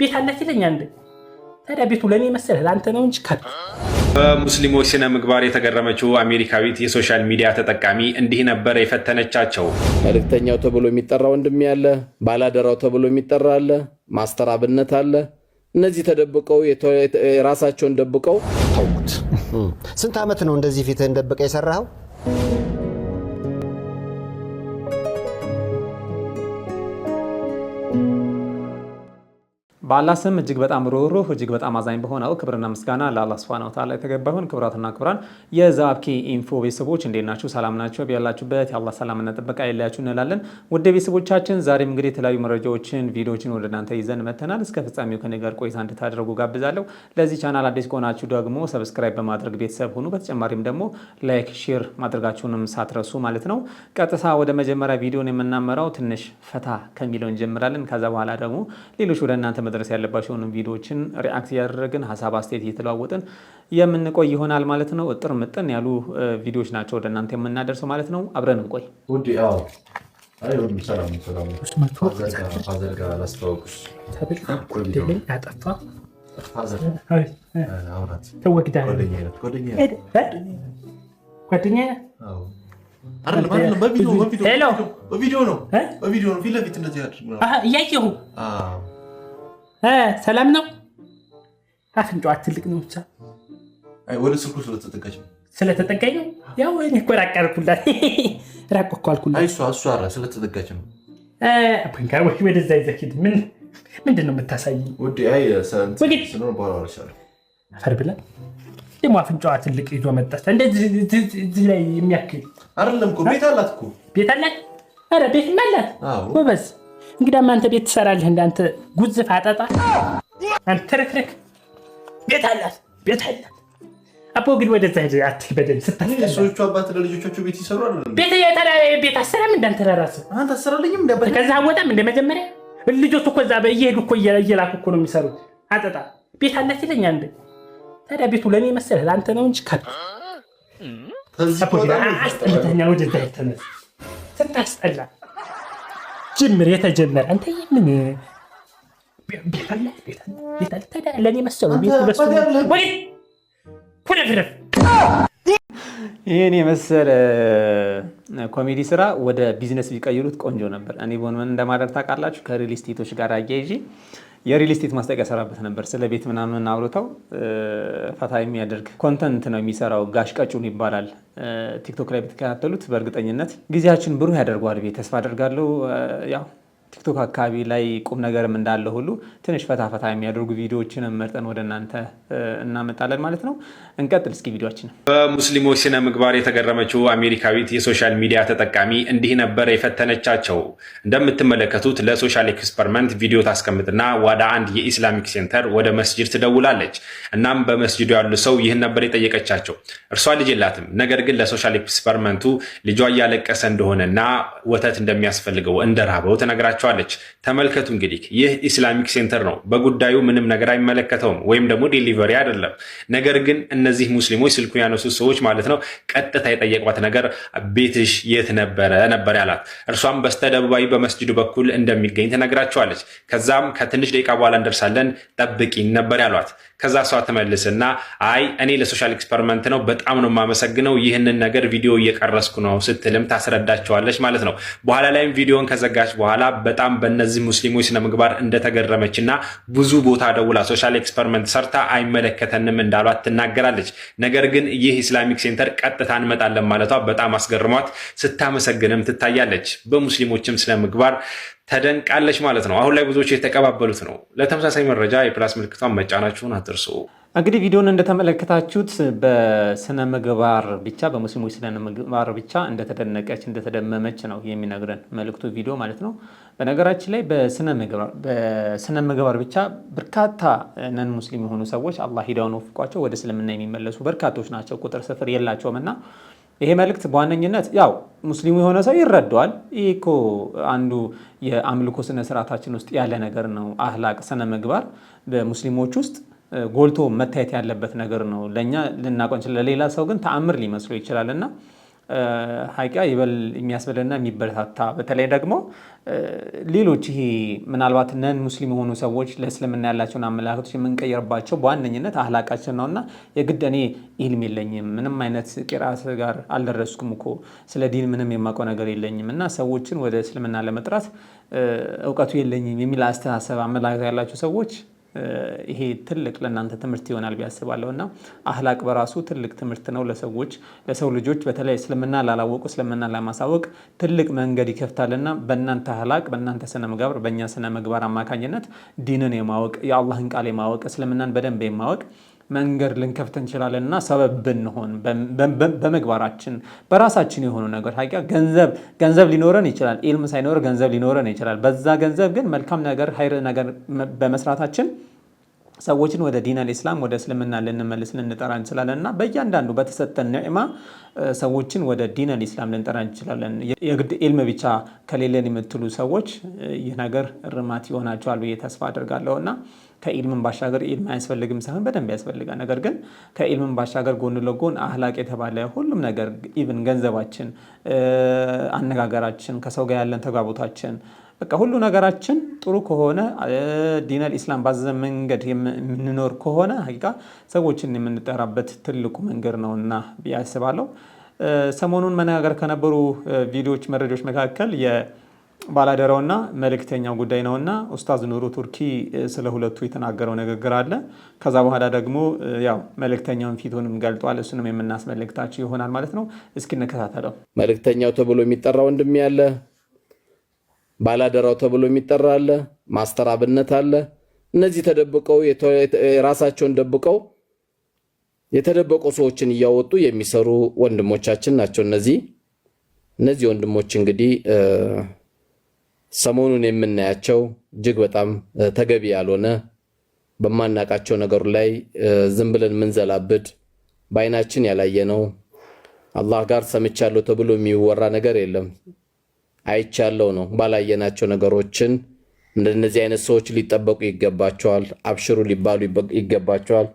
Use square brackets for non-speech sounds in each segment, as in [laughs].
ቤት አላት ይለኛ እንደ ታዲያ ቤቱ ለእኔ መሰለህ ለአንተ ነው እንጂ ካል በሙስሊሞች ስነ ምግባር የተገረመችው አሜሪካዊት የሶሻል ሚዲያ ተጠቃሚ እንዲህ ነበር የፈተነቻቸው። መልእክተኛው ተብሎ የሚጠራ ወንድሜ አለ፣ ባላደራው ተብሎ የሚጠራ አለ፣ ማስተር አብነት አለ። እነዚህ ተደብቀው የራሳቸውን ደብቀው ተውት። ስንት ዓመት ነው እንደዚህ ፊት እንደብቀ የሰራኸው? በአላ ስም እጅግ በጣም ሩህሩህ እጅግ በጣም አዛኝ በሆነው ክብርና ምስጋና ለአላ ሱብሃነሁ ወተዓላ የተገባ ክብራትና ክብራን የዛብኪ ኢንፎ ቤተሰቦች እንዴት ናችሁ? ሰላም ናቸው ያላችሁበት የአላ ሰላምና ጥበቃ የለያችሁ እንላለን። ውድ ቤተሰቦቻችን ዛሬም እንግዲህ የተለያዩ መረጃዎችን፣ ቪዲዮዎችን ወደ እናንተ ይዘን መተናል። እስከ ፍጻሜው ከኔ ጋር ቆይታ እንድታደርጉ ጋብዛለሁ። ለዚህ ቻናል አዲስ ከሆናችሁ ደግሞ ሰብስክራይብ በማድረግ ቤተሰብ ሁኑ። በተጨማሪም ደግሞ ላይክ፣ ሼር ማድረጋችሁንም ሳትረሱ ማለት ነው። ቀጥታ ወደ መጀመሪያ ቪዲዮን የምናመራው ትንሽ ፈታ ከሚለው እንጀምራለን። ከዛ በኋላ ደግሞ ሌሎች ወደ እናንተ መድረስ ያለባቸውን ቪዲዮዎችን ሪአክት እያደረግን ሀሳብ አስተያየት እየተለዋወጥን የምንቆይ ይሆናል ማለት ነው። እጥር ምጥን ያሉ ቪዲዮዎች ናቸው ወደ እናንተ የምናደርሰው ማለት ነው። አብረን እንቆይ። ጓደኛ ነው ሰላም ነው። አፍንጫዋ ትልቅ ነው። ብቻ ወደ ስልኩ ስለተጠቀች ስለተጠቀኝ ነው። ያው እኔ እኮ ራቅ አልኩላት፣ [laughs] ራቅ ስለተጠቀች ነው። ወደዛ ይዘህ ምን ምንድን ነው የምታሳይኝ? አፈር ብላ ደግሞ አፍንጫዋ ትልቅ ይዞ መጣ እንደዚህ ላይ የሚያክል አይደለም። ቤት አላት ቤት አላት። ቤት መላት አላት እንግዳማ አንተ ቤት ትሰራለህ። እንዳንተ ጉዝፍ አጠጣ አንተ ትርክርክ ቤት አላት ቤት አላት። አቦ ግን ወደዛ አትበደል። ስታሰዎቹ አባት ለልጆቻቸው ቤት ይሰሩ ቤት ቤት አሰራም እንዳንተ ለራስህ አንተ አሰራለኝም ከዛ አወጣም እንደ መጀመሪያ ልጆች እኮ እዛ እየሄዱ እኮ እየላኩ እኮ ነው የሚሰሩት። አጠጣ ቤት አላት ይለኛ እንደ ታዲያ ቤቱ ለእኔ መሰለህ ለአንተ ነው እንጂ ካል አስጠልተኛል። ወደዛ ተነስ ስታስጠላ ጅምር የተጀመረ አንተ ምን ይህን የመሰለ ኮሜዲ ስራ ወደ ቢዝነስ ቢቀይሩት ቆንጆ ነበር። እኔ በሆን ምን እንደማድረግ ታውቃላችሁ? ከሪል ስቴቶች ጋር አያይዤ የሪል ስቴት ማስታወቂያ ሰራበት ነበር። ስለ ቤት ምናምን አውርተው ፈታ የሚያደርግ ኮንተንት ነው የሚሰራው። ጋሽ ቀጩን ይባላል። ቲክቶክ ላይ ብትከታተሉት በእርግጠኝነት ጊዜያችን ብሩህ ያደርገዋል ቤት ተስፋ አደርጋለሁ ያው ቲክቶክ አካባቢ ላይ ቁም ነገርም እንዳለ ሁሉ ትንሽ ፈታፈታ የሚያደርጉ ቪዲዮዎችንም መርጠን ወደ እናንተ እናመጣለን ማለት ነው። እንቀጥል እስኪ ቪዲዮችን። በሙስሊሞች ስነ ምግባር የተገረመችው አሜሪካዊት የሶሻል ሚዲያ ተጠቃሚ እንዲህ ነበር የፈተነቻቸው። እንደምትመለከቱት ለሶሻል ኤክስፐሪመንት ቪዲዮ ታስቀምጥና ወደ አንድ የኢስላሚክ ሴንተር ወደ መስጅድ ትደውላለች። እናም በመስጅዱ ያሉ ሰው ይህን ነበር የጠየቀቻቸው። እርሷ ልጅ የላትም። ነገር ግን ለሶሻል ኤክስፐሪመንቱ ልጇ እያለቀሰ እንደሆነና ወተት እንደሚያስፈልገው እንደራበው ተነግራቸው ትሰጣቸዋለች። ተመልከቱ እንግዲህ ይህ ኢስላሚክ ሴንተር ነው። በጉዳዩ ምንም ነገር አይመለከተውም ወይም ደግሞ ዴሊቨሪ አይደለም። ነገር ግን እነዚህ ሙስሊሞች ስልኩ ያነሱ ሰዎች ማለት ነው ቀጥታ የጠየቋት ነገር ቤትሽ የት ነበረ ነበር ያላት። እርሷም በስተደቡባዊ በመስጅዱ በኩል እንደሚገኝ ትነግራቸዋለች። ከዛም ከትንሽ ደቂቃ በኋላ እንደርሳለን ጠብቂን ነበር ያሏት። ከዛ እሷ ትመልስና አይ እኔ ለሶሻል ኤክስፐሪመንት ነው በጣም ነው የማመሰግነው ይህንን ነገር ቪዲዮ እየቀረስኩ ነው ስትልም ታስረዳቸዋለች ማለት ነው። በኋላ ላይም ቪዲዮን ከዘጋች በኋላ በጣም በእነዚህ ሙስሊሞች ስነ ምግባር እንደተገረመች እና ብዙ ቦታ ደውላ ሶሻል ኤክስፐሪመንት ሰርታ አይመለከተንም እንዳሏት ትናገራለች። ነገር ግን ይህ ኢስላሚክ ሴንተር ቀጥታ እንመጣለን ማለቷ በጣም አስገርሟት ስታመሰግንም ትታያለች። በሙስሊሞችም ስነ ምግባር ተደንቃለች ማለት ነው። አሁን ላይ ብዙዎች የተቀባበሉት ነው። ለተመሳሳይ መረጃ የፕላስ ምልክቷን መጫናችሁን አትርሱ። እንግዲህ ቪዲዮን እንደተመለከታችሁት በስነ ምግባር ብቻ በሙስሊሞች ስነ ምግባር ብቻ እንደተደነቀች እንደተደመመች ነው የሚነግረን መልእክቱ ቪዲዮ ማለት ነው። በነገራችን ላይ በስነ ምግባር ብቻ በርካታ ነን ሙስሊም የሆኑ ሰዎች አላህ ሂዳውን ወፍቋቸው ወደ እስልምና የሚመለሱ በርካቶች ናቸው። ቁጥር ስፍር የላቸውም እና ይሄ መልእክት በዋነኝነት ያው ሙስሊሙ የሆነ ሰው ይረዳዋል። ይህ እኮ አንዱ የአምልኮ ስነ ስርዓታችን ውስጥ ያለ ነገር ነው። አህላቅ፣ ስነ ምግባር በሙስሊሞች ውስጥ ጎልቶ መታየት ያለበት ነገር ነው። ለእኛ ልናቆንችል፣ ለሌላ ሰው ግን ተአምር ሊመስሉ ይችላል እና ሀቂቃ ይበል የሚያስብልና የሚበረታታ በተለይ ደግሞ ሌሎች ይሄ ምናልባት ነን ሙስሊም የሆኑ ሰዎች ለእስልምና ያላቸውን አመለካከቶች የምንቀየርባቸው በዋነኝነት አህላቃችን ነው እና የግድ እኔ ኢልም የለኝም ምንም አይነት ቂራት ጋር አልደረስኩም እኮ ስለ ዲን ምንም የማውቀው ነገር የለኝም እና ሰዎችን ወደ እስልምና ለመጥራት እውቀቱ የለኝም የሚል አስተሳሰብ አመለካከት ያላቸው ሰዎች ይሄ ትልቅ ለእናንተ ትምህርት ይሆናል ቢያስባለሁ እና አህላቅ በራሱ ትልቅ ትምህርት ነው ለሰዎች ለሰው ልጆች በተለይ እስልምና ላላወቁ እስልምና ለማሳወቅ ትልቅ መንገድ ይከፍታል። በእናንተ አህላቅ፣ በእናንተ ስነ ምግባር፣ በእኛ ስነ ምግባር አማካኝነት ዲንን የማወቅ የአላህን ቃል የማወቅ እስልምናን በደንብ የማወቅ መንገድ ልንከፍት እንችላለን እና ሰበብ ብንሆን በምግባራችን በራሳችን የሆኑ ነገር ሀቂያ ገንዘብ ገንዘብ ሊኖረን ይችላል። ኢልም ሳይኖር ገንዘብ ሊኖረን ይችላል። በዛ ገንዘብ ግን መልካም ነገር ሀይር ነገር በመስራታችን ሰዎችን ወደ ዲን አልኢስላም ወደ እስልምና ልንመልስ ልንጠራ እንችላለን እና በእያንዳንዱ በተሰጠን ኒዕማ ሰዎችን ወደ ዲን አልኢስላም ልንጠራ እንችላለን። የግድ ኢልም ብቻ ከሌለን የምትሉ ሰዎች ይህ ነገር እርማት ይሆናቸዋል ብዬ ተስፋ አድርጋለሁ እና ከኢልምን ባሻገር ኢልም አያስፈልግም ሳይሆን በደንብ ያስፈልጋል። ነገር ግን ከኢልምን ባሻገር ጎን ለጎን አህላቅ የተባለ ሁሉም ነገር ኢቭን ገንዘባችን፣ አነጋገራችን፣ ከሰው ጋር ያለን ተግባቦታችን በቃ ሁሉ ነገራችን ጥሩ ከሆነ ዲነል ኢስላም ባዘዘ መንገድ የምንኖር ከሆነ ሀቂቃ ሰዎችን የምንጠራበት ትልቁ መንገድ ነውና እና ያስባለው ሰሞኑን መነጋገር ከነበሩ ቪዲዮዎች፣ መረጃዎች መካከል ባላደራውና መልእክተኛው ጉዳይ ነውና ኡስታዝ ኑሩ ቱርኪ ስለ ሁለቱ የተናገረው ንግግር አለ። ከዛ በኋላ ደግሞ ያው መልእክተኛውን ፊቱንም ገልጧል። እሱንም የምናስመልክታችሁ ይሆናል ማለት ነው። እስኪ እንከታተለው። መልእክተኛው ተብሎ የሚጠራ ወንድሜ አለ፣ ባላደራው ተብሎ የሚጠራ አለ፣ ማስተር አብነት አለ። እነዚህ ተደብቀው የራሳቸውን ደብቀው የተደበቁ ሰዎችን እያወጡ የሚሰሩ ወንድሞቻችን ናቸው። እነዚህ እነዚህ ወንድሞች እንግዲህ ሰሞኑን የምናያቸው እጅግ በጣም ተገቢ ያልሆነ በማናቃቸው ነገሩ ላይ ዝም ብለን የምንዘላብድ በአይናችን ያላየነው አላህ ጋር ሰምቻለሁ ተብሎ የሚወራ ነገር የለም። አይቻለው ነው። ባላየናቸው ነገሮችን እንደነዚህ አይነት ሰዎች ሊጠበቁ ይገባቸዋል። አብሽሩ ሊባሉ ይገባቸዋል።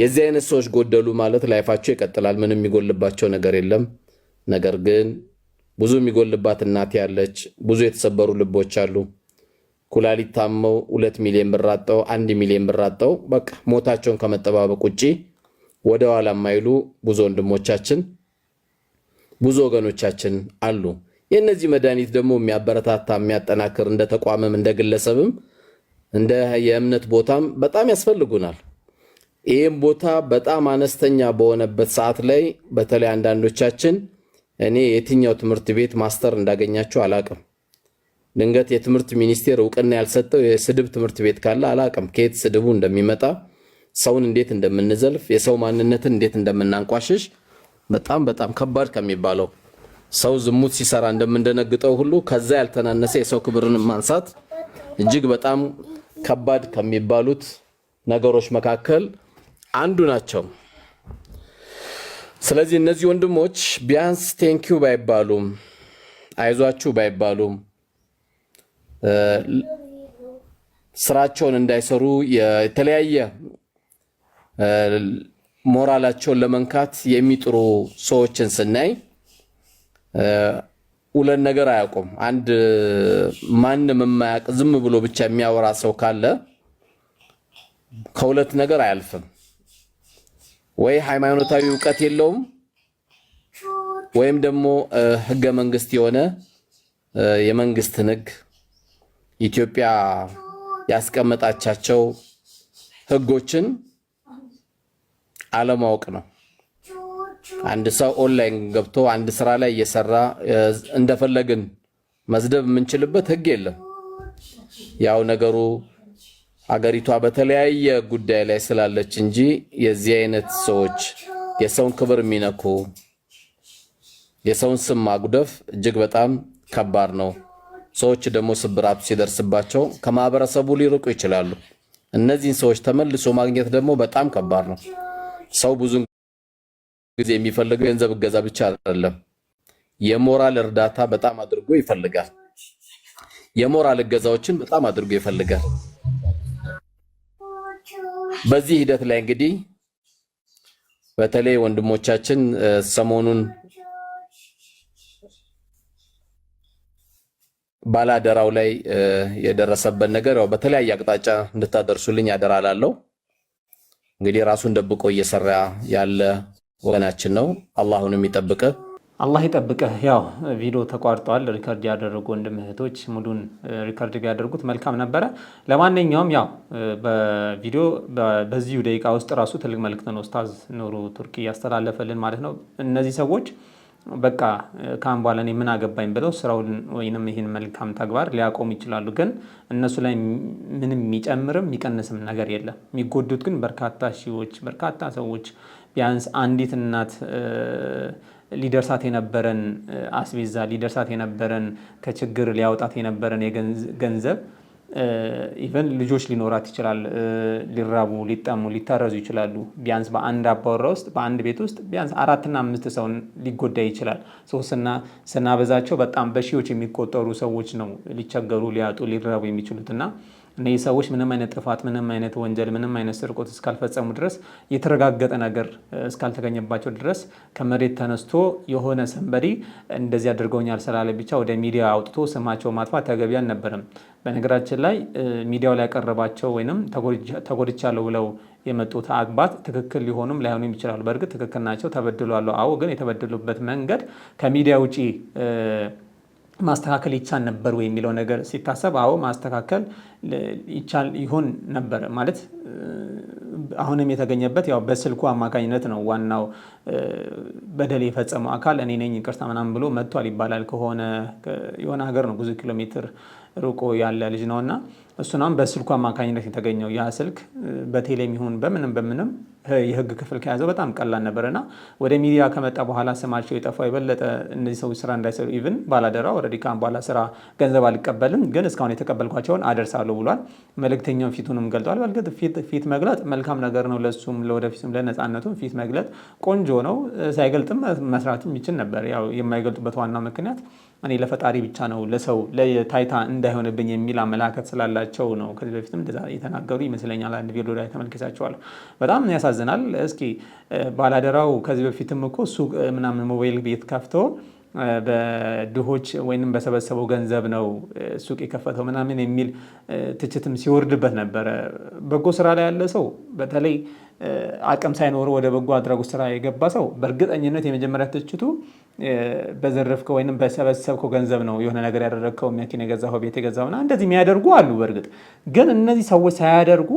የዚህ አይነት ሰዎች ጎደሉ ማለት ላይፋቸው ይቀጥላል። ምንም የሚጎልባቸው ነገር የለም። ነገር ግን ብዙ የሚጎልባት እናት ያለች፣ ብዙ የተሰበሩ ልቦች አሉ። ኩላሊት ታመው ሁለት ሚሊዮን ብር አጠው አንድ ሚሊዮን ብር አጠው በቃ ሞታቸውን ከመጠባበቅ ውጭ ወደ ኋላ የማይሉ ብዙ ወንድሞቻችን ብዙ ወገኖቻችን አሉ። የእነዚህ መድኃኒት ደግሞ የሚያበረታታ የሚያጠናክር እንደ ተቋምም እንደ ግለሰብም እንደ የእምነት ቦታም በጣም ያስፈልጉናል። ይህም ቦታ በጣም አነስተኛ በሆነበት ሰዓት ላይ በተለይ አንዳንዶቻችን እኔ የትኛው ትምህርት ቤት ማስተር እንዳገኛችሁ አላቅም። ድንገት የትምህርት ሚኒስቴር እውቅና ያልሰጠው የስድብ ትምህርት ቤት ካለ አላቅም። ከየት ስድቡ እንደሚመጣ ሰውን እንዴት እንደምንዘልፍ፣ የሰው ማንነትን እንዴት እንደምናንቋሽሽ በጣም በጣም ከባድ ከሚባለው ሰው ዝሙት ሲሰራ እንደምንደነግጠው ሁሉ ከዛ ያልተናነሰ የሰው ክብርን ማንሳት እጅግ በጣም ከባድ ከሚባሉት ነገሮች መካከል አንዱ ናቸው። ስለዚህ እነዚህ ወንድሞች ቢያንስ ቴንኪው ባይባሉም አይዟችሁ ባይባሉም ስራቸውን እንዳይሰሩ የተለያየ ሞራላቸውን ለመንካት የሚጥሩ ሰዎችን ስናይ ሁለት ነገር አያውቁም። አንድ ማንም የማያውቅ ዝም ብሎ ብቻ የሚያወራ ሰው ካለ ከሁለት ነገር አያልፍም። ወይ ሃይማኖታዊ እውቀት የለውም ወይም ደግሞ ህገ መንግስት የሆነ የመንግስትን ህግ ኢትዮጵያ ያስቀመጣቻቸው ህጎችን አለማወቅ ነው። አንድ ሰው ኦንላይን ገብቶ አንድ ስራ ላይ እየሰራ እንደፈለግን መዝደብ የምንችልበት ህግ የለም። ያው ነገሩ አገሪቷ በተለያየ ጉዳይ ላይ ስላለች እንጂ የዚህ አይነት ሰዎች የሰውን ክብር የሚነኩ የሰውን ስም ማጉደፍ እጅግ በጣም ከባድ ነው። ሰዎች ደግሞ ስብራቱ ሲደርስባቸው ከማህበረሰቡ ሊርቁ ይችላሉ። እነዚህን ሰዎች ተመልሶ ማግኘት ደግሞ በጣም ከባድ ነው። ሰው ብዙ ጊዜ የሚፈልገው ገንዘብ እገዛ ብቻ አይደለም፣ የሞራል እርዳታ በጣም አድርጎ ይፈልጋል። የሞራል እገዛዎችን በጣም አድርጎ ይፈልጋል። በዚህ ሂደት ላይ እንግዲህ በተለይ ወንድሞቻችን ሰሞኑን ባላደራው ላይ የደረሰበት ነገር ያው በተለያየ አቅጣጫ እንድታደርሱልኝ አደራ ላለው እንግዲህ ራሱን ደብቆ እየሰራ ያለ ወገናችን ነው። አላህ አሁንም ይጠብቅህ። አላህ ይጠብቅህ። ያው ቪዲዮ ተቋርጧል። ሪከርድ ያደረጉ ወንድም እህቶች ሙሉን ሪከርድ ቢያደርጉት መልካም ነበረ። ለማንኛውም ያው በቪዲዮ በዚሁ ደቂቃ ውስጥ ራሱ ትልቅ መልእክት ነው ኡስታዝ ኑሩ ቱርኪ ያስተላለፈልን ማለት ነው። እነዚህ ሰዎች በቃ ከአሁን በኋላ እኔ ምን አገባኝ ብለው ስራውን ወይንም ይህን መልካም ተግባር ሊያቆሙ ይችላሉ። ግን እነሱ ላይ ምንም የሚጨምርም የሚቀንስም ነገር የለም። የሚጎዱት ግን በርካታ ሺዎች፣ በርካታ ሰዎች ቢያንስ አንዲት እናት ሊደርሳት የነበረን አስቤዛ ሊደርሳት የነበረን ከችግር ሊያወጣት የነበረን ገንዘብ ኢቨን ልጆች ሊኖራት ይችላል። ሊራቡ፣ ሊጠሙ፣ ሊታረዙ ይችላሉ። ቢያንስ በአንድ አባወራ ውስጥ በአንድ ቤት ውስጥ ቢያንስ አራትና አምስት ሰው ሊጎዳ ይችላል። ሶስትና ስናበዛቸው በጣም በሺዎች የሚቆጠሩ ሰዎች ነው ሊቸገሩ፣ ሊያጡ፣ ሊራቡ የሚችሉት እና እነዚህ ሰዎች ምንም አይነት ጥፋት፣ ምንም አይነት ወንጀል፣ ምንም አይነት ስርቆት እስካልፈጸሙ ድረስ የተረጋገጠ ነገር እስካልተገኘባቸው ድረስ ከመሬት ተነስቶ የሆነ ሰንበዲ እንደዚህ አድርገውኛል ስላለ ብቻ ወደ ሚዲያ አውጥቶ ስማቸው ማጥፋት ተገቢ አልነበረም። በነገራችን ላይ ሚዲያው ላይ ያቀረባቸው ወይም ተጎድቻለሁ ብለው የመጡት አባት ትክክል ሊሆኑም ላይሆኑ ይችላሉ። በእርግጥ ትክክል ናቸው፣ ተበድሏሉ። አዎ ግን የተበደሉበት መንገድ ከሚዲያ ውጪ ማስተካከል ይቻል ነበር ወይ የሚለው ነገር ሲታሰብ፣ አዎ ማስተካከል ይቻል ይሆን ነበር ማለት አሁንም የተገኘበት ያው በስልኩ አማካኝነት ነው። ዋናው በደል የፈጸመው አካል እኔ ነኝ ይቅርታ ምናምን ብሎ መጥቷል ይባላል። ከሆነ የሆነ ሀገር ነው ብዙ ኪሎ ሜትር ርቆ ያለ ልጅ ነው እና እሱናም በስልኩ አማካኝነት የተገኘው ያ ስልክ በቴሌም ይሁን በምንም በምንም የህግ ክፍል ከያዘው በጣም ቀላል ነበር እና ወደ ሚዲያ ከመጣ በኋላ ስማቸው የጠፋው የበለጠ እነዚህ ሰዎች ስራ እንዳይሰሩ ኢቭን ባላደራ ወረዲ ከአሁን በኋላ ስራ ገንዘብ አልቀበልም፣ ግን እስካሁን የተቀበልኳቸውን አደርሳለሁ ብሏል። መልእክተኛውን ፊቱንም ገልጧል። በእርግጥ ፊት መግለጥ መልካም ነገር ነው፣ ለሱም ለወደፊቱም ለነፃነቱም ፊት መግለጥ ቆንጆ ነው። ሳይገልጥም መስራትም ይችል ነበር። ያው የማይገልጡበት ዋናው ምክንያት እኔ ለፈጣሪ ብቻ ነው ለሰው ለታይታ እንዳይሆንብኝ የሚል አመላከት ስላላቸው ነው። ከዚህ በፊትም እንደዛ የተናገሩ ይመስለኛል። አንድ ቪዲዮ ላይ ተመልክቻቸዋለሁ። በጣም ያሳዝናል። እስኪ ባላደራው ከዚህ በፊትም እኮ ሱቅ ምናምን ሞባይል ቤት ከፍቶ በድሆች ወይም በሰበሰበው ገንዘብ ነው ሱቅ የከፈተው ምናምን የሚል ትችትም ሲወርድበት ነበረ። በጎ ስራ ላይ ያለ ሰው በተለይ አቅም ሳይኖሩ ወደ በጎ አድራጎት ስራ የገባ ሰው በእርግጠኝነት የመጀመሪያ ትችቱ በዘረፍከው ወይም በሰበሰብከው ገንዘብ ነው የሆነ ነገር ያደረግከው፣ መኪና የገዛኸው፣ ቤት የገዛውና እንደዚህ የሚያደርጉ አሉ። በእርግጥ ግን እነዚህ ሰዎች ሳያደርጉ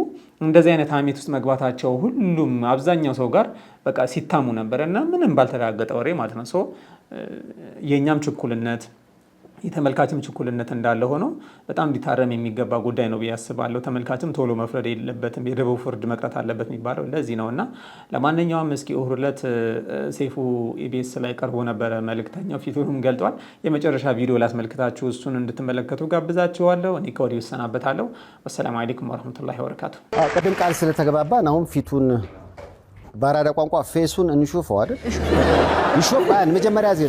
እንደዚህ አይነት አሜት ውስጥ መግባታቸው ሁሉም አብዛኛው ሰው ጋር በቃ ሲታሙ ነበር እና ምንም ባልተረጋገጠ ወሬ ማለት ነው። የእኛም ችኩልነት የተመልካችም ችኩልነት እንዳለ ሆኖ በጣም እንዲታረም የሚገባ ጉዳይ ነው ብዬ አስባለሁ። ተመልካችም ቶሎ መፍረድ የለበትም፣ የደቡብ ፍርድ መቅረት አለበት የሚባለው ለዚህ ነው እና ለማንኛውም እስኪ እሑድ ዕለት ሰይፉ ኢቢኤስ ላይ ቀርቦ ነበረ። መልእክተኛው ፊቱንም ገልጧል። የመጨረሻ ቪዲዮ ላስመልክታችሁ፣ እሱን እንድትመለከቱ ጋብዛችኋለሁ። እኔ ከወዲሁ እሰናበታለሁ። ወሰላም አሌይኩም ወረህመቱላሂ ወበረካቱ። ቅድም ቃል ስለተገባባን አሁን ፊቱን በአራዳ ቋንቋ ፌሱን እንሹፈው አይደል? ይሾፋን መጀመሪያ ዜ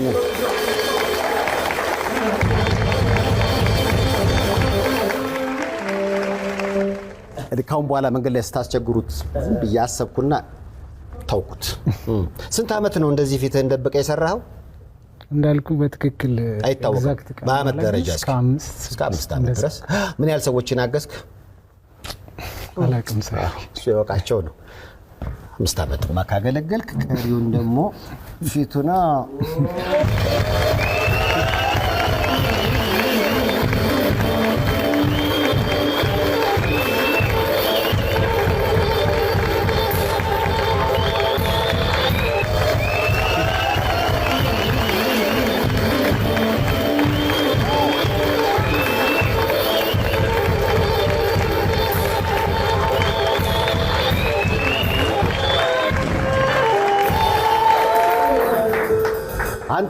ካሁን በኋላ መንገድ ላይ ስታስቸግሩት ብዬ አሰብኩና ተውኩት። ስንት ዓመት ነው እንደዚህ ፊትህን ደብቀ የሰራኸው? እንዳልኩ በትክክል አይታወቅም። በዓመት ደረጃ እስከ አምስት ዓመት ድረስ ምን ያህል ሰዎችን አገዝክ? እሱ የወቃቸው ነው። አምስት ዓመት ካገለገልክ ቀሪውን ደግሞ ፊቱና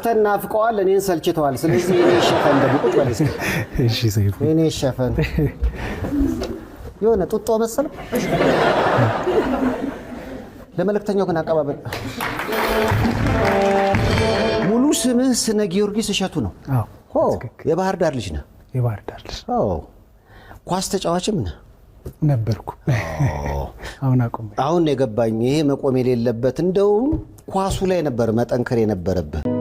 አንተን ናፍቀዋል፣ እኔን ሰልችተዋል። ስለዚህ እኔ ሸፈን ደግሞ እኔ በል ሸፈን የሆነ ጡጦ መሰለ ለመልእክተኛው ግን አቀባበል ሙሉ ስምህ ስነ ጊዮርጊስ እሸቱ ነው። የባህር ዳር ልጅ ነህ። የባህር ዳር ልጅ ኳስ ተጫዋችም ነህ ነበርኩ። አሁን አቁሜ አሁን የገባኝ ይሄ መቆም የሌለበት እንደውም ኳሱ ላይ ነበር መጠንከር የነበረብህ።